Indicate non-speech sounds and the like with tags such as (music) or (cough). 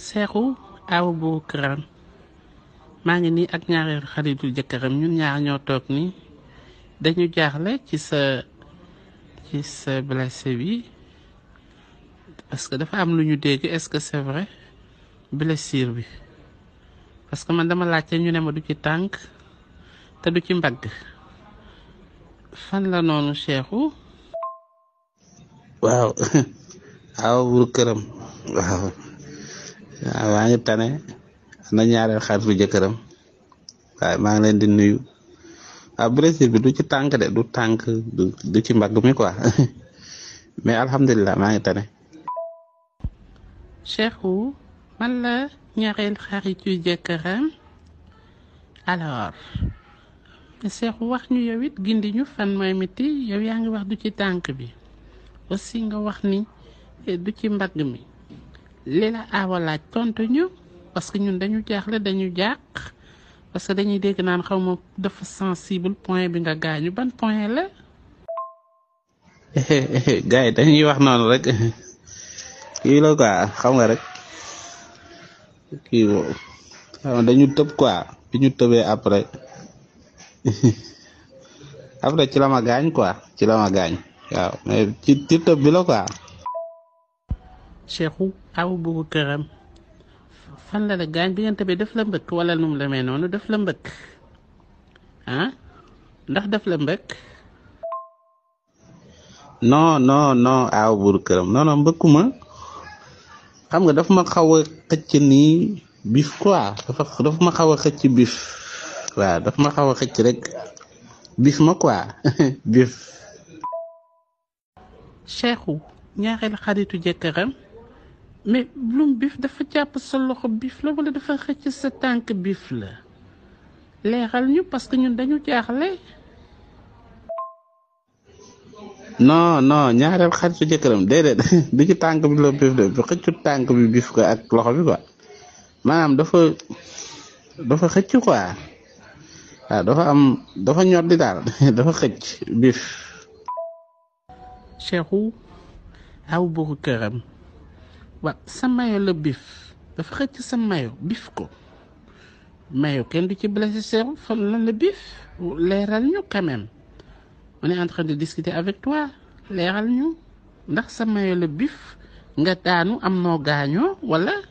Seexu aw bu këram maa ngi nii ak ñaareelu xaritu jëkkëram ñu ñaar ñoo toog ni dañu jaaxle ci sa ci bi parce que dafa am lu ñu dégg est-ce que c'est vrai blessure bi parce que man dama laajte ñu ne ma du ci tànk te du ci mbagg fan la noonu Seexu waaw aw bu këram waaw waaw maa ngi tane am na ñaareel xaritu jëkkëram waaye maa ngi leen di nuyu du ci tànk du tànk ci mbagg mi quoi (laughs) mais alhamdulilah maa ngi tane. Cheikhou man la ñaareel xaritu jëkkëram alors Cheikhou wax ñu yow it gindi ñu fan mooy miti yow yaa ngi wax du ci tànk bi aussi nga wax ni eh, du ci mbagg mi. li la aawa laaj tontu ñu parce que ñun dañu jaaxle dañu jàq parce que dañuy dégg naan xaw ma dafa sensible point bi nga gaañu ban point la. (laughs) gars yi dañuy wax noonu rek kii la quoi xam nga rek kii boobu dañu tëb quoi bi ñu tëbee après (laughs) après ci la gaañ quoi ci la ma gaañ waaw mais ci tëb bi la Cheikhou Abou Këram fan la la gaañ bi ngeen bi def la mbëkk wala num la demee noonu def la mbëkk ah ndax def la mbëkk. non non non aw Buur Këram non non mbëkkuma xam nga daf ma xaw a xëcc nii bif quoi dafa daf ma xaw a xëcc bif waaw daf ma xaw a xëcc rek bif ma quoi bif. Cheikhou ñaareelu xaritu jëkkëram. mais Bloom Beef dafa jàpp sa loxo Beef la wala dafa xëcc sa tànk Beef la leeral ñu parce que ñun dañu jaaxle. non non ñaareel xaritu jëkkëram déedéet (laughs) du ci tànk bi la Beef de xëccu tànk bi Beef ko ak loxo bi quoi maanaam dafa dafa xëcc quoi ah, dafa am dafa ñor di daal (laughs) dafa xëcc Beef. Cheikhou aw bëgg këram. wa sa le biff bif dafa xëcc sa mayo bif ko mayo kenn du ci Blaise Sefo fan lan la bif leeral ñu quand même on est en train de discuter avec toi leeral ñu ndax sa mayo la bif nga daanu am noo gaañoo wala